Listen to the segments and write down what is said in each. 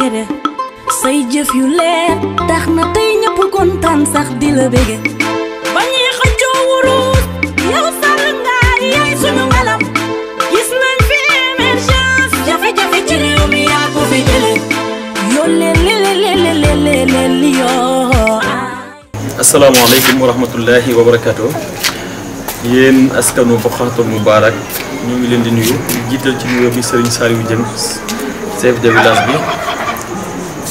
gede say jëf yu leer tax na tey ñëpp kontaan sax di la bége ba ñuy xëccoo wuruus yow sàll ngaar yaay suñu ngalam gis nañ fi émergence jafe-jafe ci réew mi yaa ko jële yoo leen leen leen li yoo asalaamaaleykum wa rahmatullahi wa barakaatu yéen askanu Bokhatul Moubarak ñu ngi leen di nuyu jiital ci nuyoo bi Serigne Saliou Dieng chef de village bi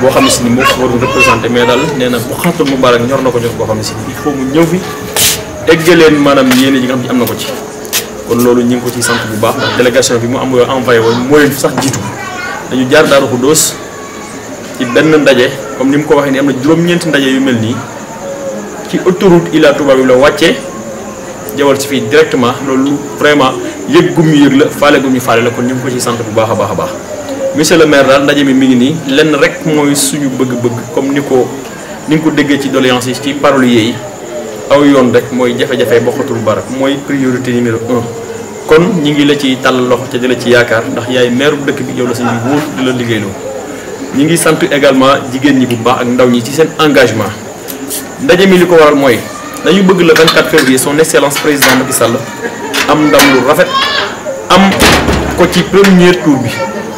boo xam ne si ni moo ko waroon représenté mais daal nee na bu xaatul mu barak ñor na ko ñor boo xam il faut mu ñëw fi eggaleen maanaam yéene yi nga xam ne ko ci kon loolu ñu ko ci sant bu baax ndax délégation bi mu am yoo envoyé woon moo leen sax jiitu dañu jaar daaru xudóos ci benn ndaje comme ni ko ni ndaje yu ci autoroute ila touba bi la wàccee jawal ci directement vraiment la gum ñu la kon ko ci sant bu monsieur le maire dal ndaje mi mi ngi ni lenn rek moy suñu bëgg-bëgg comme niko ko ni ko déggé ci doléance yi ci parolier yi aw yoon rek mooy jafé jafe bokkatul barak moy priorité numéro 1 kon ñi ngi la ci tal lox ci dina ci yaakar ndax yaay maire bu dëkk bi yow la suñu wóor di la liggéelo ñi ngi sant également jigen ñi bu baax ak ndaw ñi ci seen engagement ndaje mi liko waral moy dañu bëgg le 24 février son excellence président Macky Sall am ndam lu rafet am ko ci premier tour bi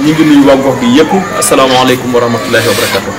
ñi ngi nuyu wa gox bi yépp alaykum wa rahmatullahi wa barakatuh